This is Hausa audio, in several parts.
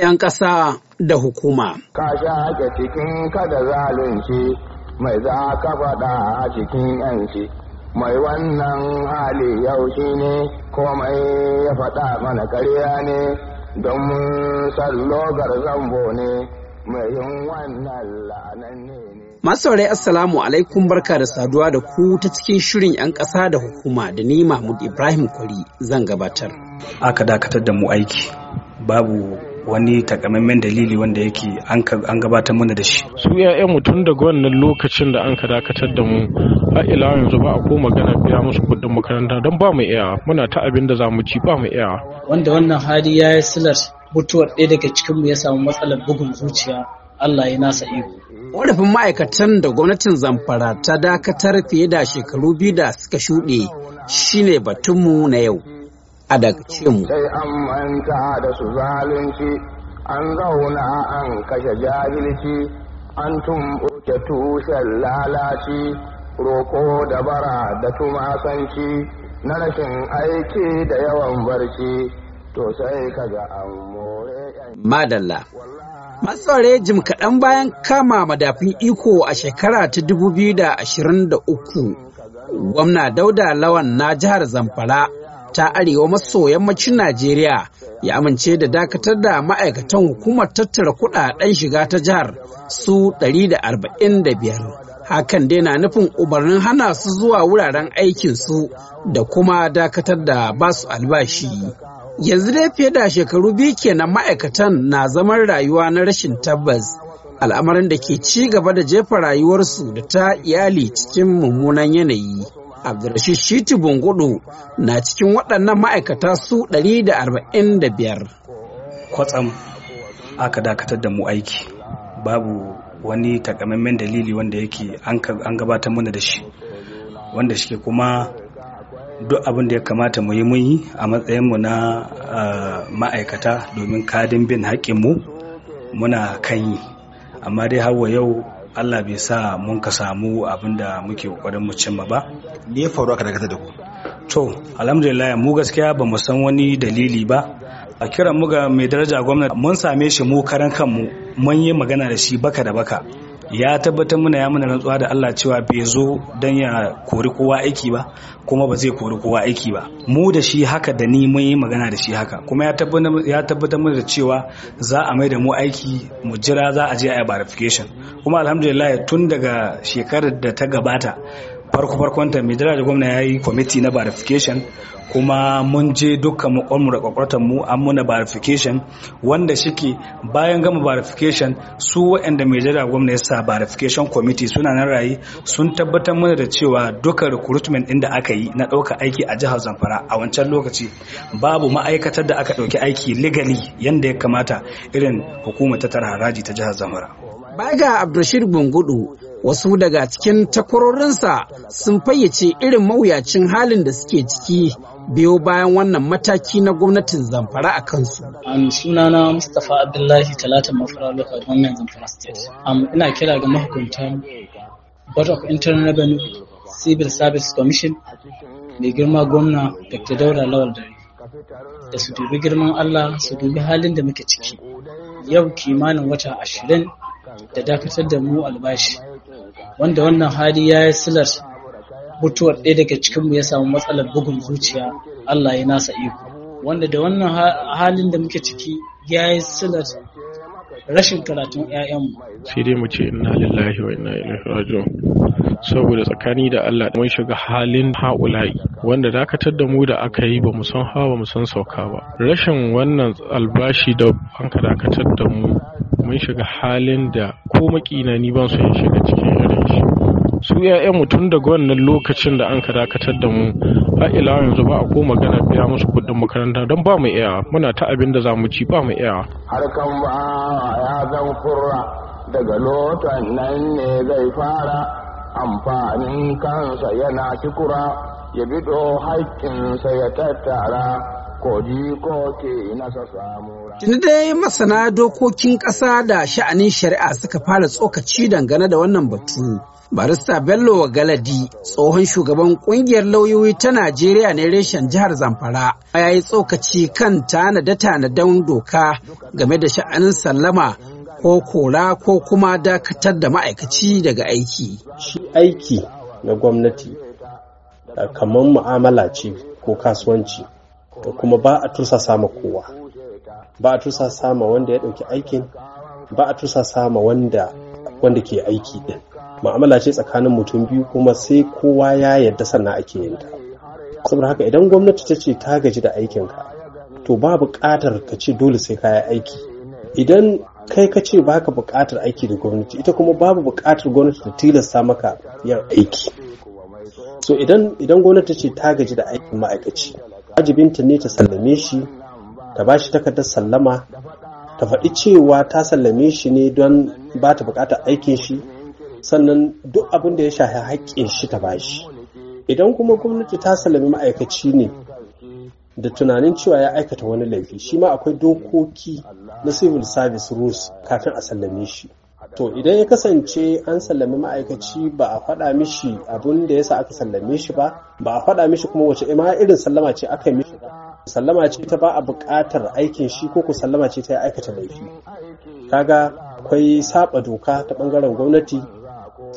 'yan ƙasa da hukuma. Ka shaƙe cikin kada zalunci mai za ka faɗa a cikin 'yanci, mai wannan hali yaushi ne komai ya faɗa mana karya ne don mun sallogar zambo ne mai yin wannan la'anan ne. Masaurai Assalamu alaikum barka da saduwa da ku ta cikin shirin 'yan ƙasa da hukuma da ni Mahmud Ibrahim Kwari zan gabatar. Aka dakatar da mu aiki babu wani takamaiman dalili wanda yake an gabatar mana da shi su yayan mutum tun daga wannan lokacin da an ka dakatar da mu a ila yanzu ba a ko magana biya musu kuɗin makaranta don ba mu iya muna ta abin da za mu ci ba mu iya wanda wannan hali ya yi silar mutuwar ɗaya daga cikinmu ya samu matsalar bugun zuciya Allah ya nasa iko. Ƙorafin ma'aikatan da gwamnatin Zamfara ta dakatar fiye da shekaru biyu da suka shuɗe shine batunmu na yau. a da sai an manta da su zalunci an zauna an kashe jahilci an tumɓuke tushen lalaci roko da bara da tumasanci na rashin aiki da yawan barci to sai kaga an more madalla matsare jim kaɗan bayan kama madafin iko a shekara ta 2023 gwamna dauda lawan na jihar zamfara ta arewa maso yammacin Najeriya ya amince da dakatar da ma'aikatan hukumar tattara kudaden shiga ta jihar su 145. Hakan dai na nufin umarnin hana su zuwa wuraren aikin su da kuma dakatar da basu albashi. Yanzu dai fiye da shekaru biyu kenan ma'aikatan na zaman rayuwa na rashin tabbas. Al'amarin da ke ci gaba da jefa rayuwarsu da ta iyali cikin mummunan yanayi. Abdulrashid Shiti Bungudu na cikin waɗannan ma'aikata su 145. Kwatsam aka dakatar da mu aiki babu wani takamaimen dalili wanda yake an gabatar mana da shi wanda shi kuma duk abin da ya kamata mu yi mun yi a matsayinmu na ma'aikata domin kadin bin haƙƙinmu muna kan yi amma dai hawa yau Allah bai sa mun ka samu abin da muke kokarin mu cimma ba me ya faru aka dakata da ku to alhamdulillah mu gaskiya ba mu san wani dalili ba a kiran mu ga mai daraja gwamnati mun same shi mu karan kanmu mun yi magana da shi baka da baka ya tabbatar mana ya mana rantsuwa da Allah cewa bai zo don ya kori kowa aiki ba kuma ba zai kori kowa aiki ba mu da shi haka da ni mun yi magana da shi haka kuma ya tabbatar mana da cewa za a mai da mu aiki mu jira za a je a yi verification kuma alhamdulillah tun daga shekarar da ta gabata farko farkon ta mai jiragen gwamna ya yi kwamiti na verification kuma mun je dukkan makonmu da kwakwatan mu an muna verification wanda shike bayan gama verification su waɗanda mai jiragen gwamna ya sa verification committee suna nan rayu, sun tabbatar mana da cewa dukkan recruitment din da aka yi na ɗaukar aiki a jihar Zamfara a wancan lokaci babu ma'aikatar da aka ɗauki aiki legally yanda ya kamata irin hukumar ta tara haraji ta jihar Zamfara. Baga bin Bungudu wasu daga cikin takwarorinsa sun fayyace irin mawuyacin halin da suke ciki biyo bayan wannan mataki na gwamnatin zamfara a kansu. suna sunana Mustapha Abdullahi Talata Mafara lokal Government Zamfara State. ina kira ga mahukuntan Board of Internal Revenue Civil Service Commission mai girma gwamna Dr. Daura Lawal Dare da su dubi girman Allah su dubi halin da muke ciki. Yau kimanin wata ashirin da dakatar da mu albashi wanda wannan hali ya yi silar mutuwar ɗaya daga cikinmu ya samu matsalar bugun zuciya Allah ya nasa iko wanda da wannan halin da muke ciki ya yi silar rashin karatun 'ya'yanmu sai dai mu ce inna lillahi wa inna ilaihi raji'un saboda tsakani da Allah mun shiga halin haula'i wanda dakatar da mu da aka yi ba mu san hawa mu san sauka ba rashin wannan albashi da an ka dakatar da mu mun shiga halin da ko makina ni ban so shiga cikin irin shi su yaya mutum daga wannan lokacin da an ka dakatar da mu har ila yanzu ba a ko magana biya musu kuɗin makaranta don ba mu iya muna ta abin da za mu ci ba mu iya harkan ba ya zan kurra daga lokacin nan ne zai fara amfanin kansa yana shikura ya bido haƙƙinsa ya tattara Tuni dai masana dokokin ƙasa da sha'anin shari'a suka fara tsokaci dangane da wannan batu. Barista Bello Galadi, tsohon shugaban ƙungiyar lauyoyi ta Najeriya ne reshen jihar Zamfara, ya yi tsokaci kan tanada-tanada tanadan doka game da sha'anin sallama ko kora ko kuma dakatar da ma'aikaci daga aiki. Shi aiki na gwamnati kamar mu'amala ce ko kasuwanci. kuma ba a tursasa ma kowa ba a tursa sama wanda ya ɗauki aikin ba a tursa sama wanda ke aiki din ma'amala ce tsakanin mutum biyu kuma sai kowa ya yadda sannan ake yin ta saboda haka idan gwamnati ta ce ta gaji da aikin ka to ba buƙatar ka ce dole sai ka aiki idan kai ka ce baka buƙatar aiki da gwamnati ita kuma babu buƙatar gwamnati ta tilasta maka yin aiki so idan idan gwamnati ce ta gaji da aikin ma'aikaci wajibinta ne ta sallame shi ta ba shi takardar sallama ta faɗi cewa ta sallame shi ne don ba ta buƙatar aikin shi sannan duk abin da ya shafi haƙƙin shi ta ba shi idan kuma gwamnati ta sallami ma'aikaci ne da tunanin cewa ya aikata wani laifi shi ma akwai dokoki na civil service rules kafin a sallame shi to idan ya kasance an sallami ma'aikaci ba a faɗa mishi abun da yasa aka sallame shi ba ba a faɗa mishi kuma wace ma irin sallama ce aka mishi ba sallama ce ta ba a buƙatar aikin shi ko ku sallama ce ta aikata laifi kaga akwai saba doka ta ɓangaren gwamnati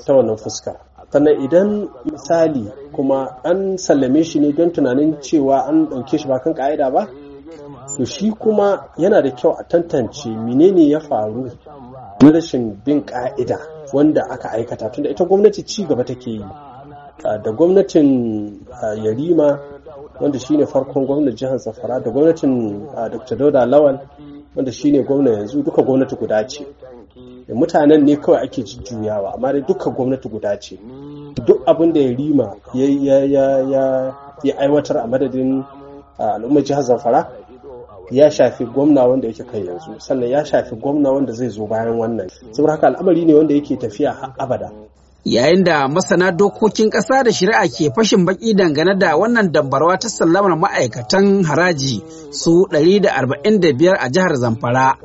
ta wannan fuska. sannan idan misali kuma an sallame shi ne don tunanin cewa an ɗauke shi ba kan ka'ida ba to shi kuma yana da kyau a tantance menene ya faru na rashin bin ka'ida wanda aka aikata tunda ita gwamnati ci gaba take yi ah, da gwamnatin ah, yarima wanda shine farkon gwamnan jihar zamfara da gwamnatin ah, dr dauda lawal wanda shine gwamna yanzu duka gwamnati guda ce mutanen ne kawai ake jujjuyawa amma dai duka gwamnati guda ce duk abin da yarima ya aiwatar a madadin al'ummar jihar zamfara ya shafi gwamna wanda yake kai yanzu sannan ya shafi gwamna wanda zai zo bayan wannan saboda haka al'amari ne wanda yake tafiya har abada yayin da masana dokokin ƙasa da shari'a ke fashin baki dangane da wannan dambarwa ta sallamar ma'aikatan haraji su 145 a jihar zamfara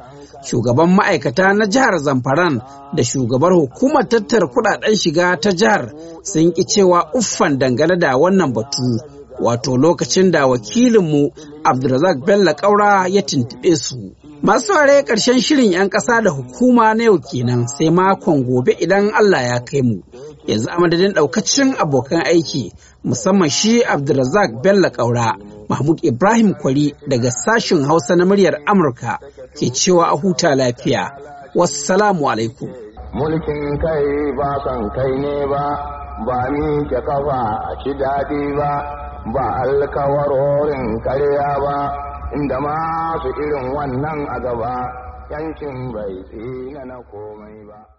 shugaban ma'aikata na jihar zamfaran da shugabar hukumar tattar kudaden shiga ta jihar sun ki cewa uffan dangane da wannan batu wato lokacin da wakilinmu Abdulrazak Bello Kaura ya tuntube su. Masu ware ƙarshen shirin 'yan ƙasa da hukuma na yau kenan sai makon gobe idan Allah ya kai mu. Yanzu a madadin ɗaukacin abokan aiki musamman shi Abdulrazak Bello Kaura, Mahmud Ibrahim Kwari daga sashin Hausa na muryar Amurka ke cewa a huta lafiya. Wassalamu alaikum. Mulkin kai ba kan kai ne ba, ba ni ke kafa a ci daɗi ba. ba horin karya ba inda masu irin wannan a gaba yankin bai tsina na komai ba